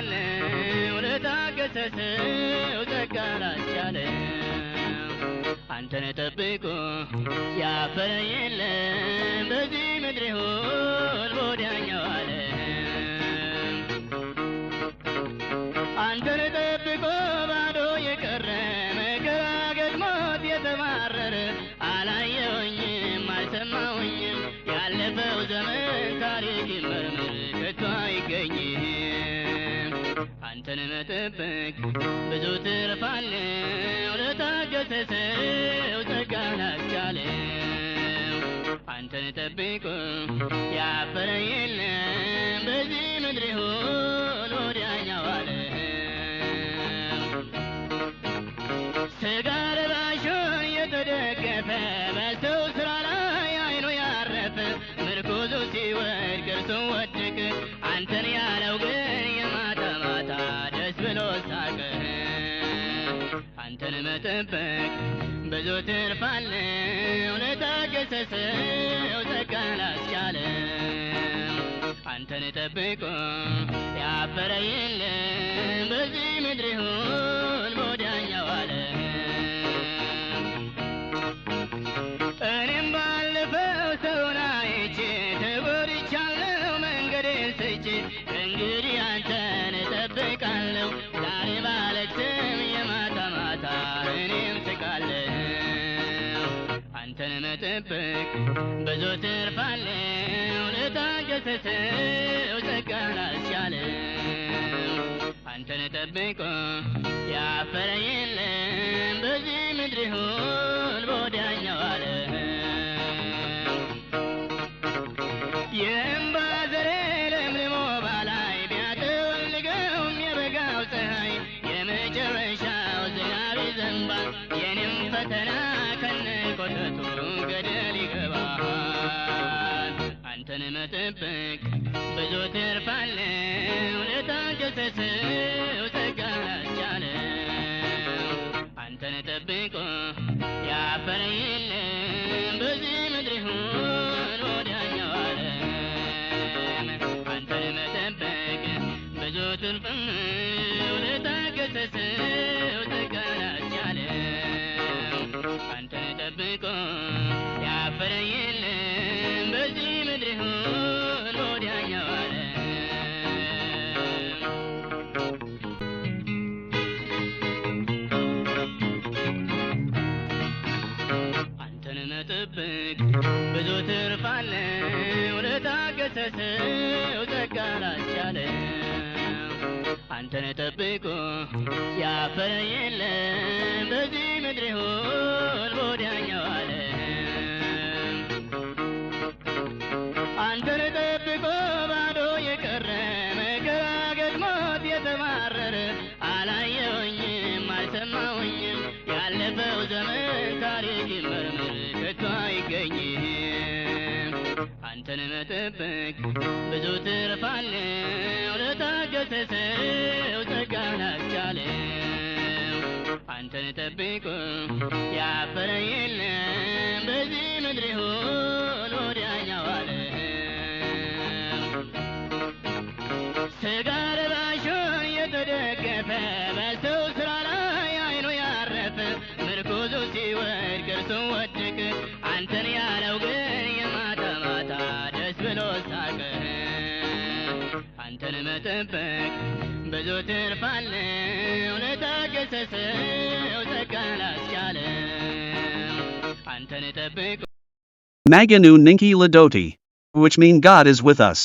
አለው ለታገሰሰው ጸጋ አንተን ጠብቆ ያፈረ የለም በዚህ ምድር ይሆን በወዲያኛው ዓለም አንተን ጠብቆ ባዶ የቀረ መከራ ገጥሞት የተማረረ አላየሁኝም አልሰማሁኝም ያለፈው ዘመን ታሪክ ይመረ አንተን መጠበቅ ብዙ ትርፋለ ለታገሰሰው ጸጋን አስቻለው አንተን ጠብቆ ያፈረ የለም በመጠበቅ ብዙ ትርፋለው ለታገሰሰው ጸጋን አስቻለ አንተን ጠብቆ ያፈረ የለም በዚህ ምድር ይሁን መጠበቅ ብዙ ለታገሰሰው አንተን ጠብቆ ያፈረ የለም በዚህ ምድር ይሁን በወዳኛው አለ የእምባ ዘሬ ለምልሞ ባላይ ቢያጠወልገውም የበጋው ፀሐይ የመጨረሻው ዝናብ ዘንባ የኔም ፈተና ኮተቱ ገደል ይገባል። አንተን መጠበቅ ብዙ አንተን ጠብቆ ያፈረ የለም በዚህ ምድር ይሁን ዓለም አንተን መጠበቅ ብዙ ጠብቅ ብዙ ትርፍ አለ ትርፋለ ለታገሰሰው ዘጋላቻለ አንተን ጠብቆ ያፈረ የለም በዚህ ምድር ይሆን በወዲያኛው አለ አንተን አንተን መጠበቅ ብዙ ትርፋለው፣ ለታገሰ ሰው ጸጋን አስቻለው። አንተን ጠብቆ ያፈረ የለም በዚህ ምድር ሆን ወዲያኛው ዓለም ስጋ ለባሽ የተደገፈ በሰው ስራ ላይ አይኖ ያረፈ ምርኩዙ ሲወድ እርሱም ወድቅ አንተን ያለው ግን አንተ ለመጠበቅ ብዙ ትርፋለ ገሰሰው አንተን Maganu Ninki Ladoti, which mean God is with us.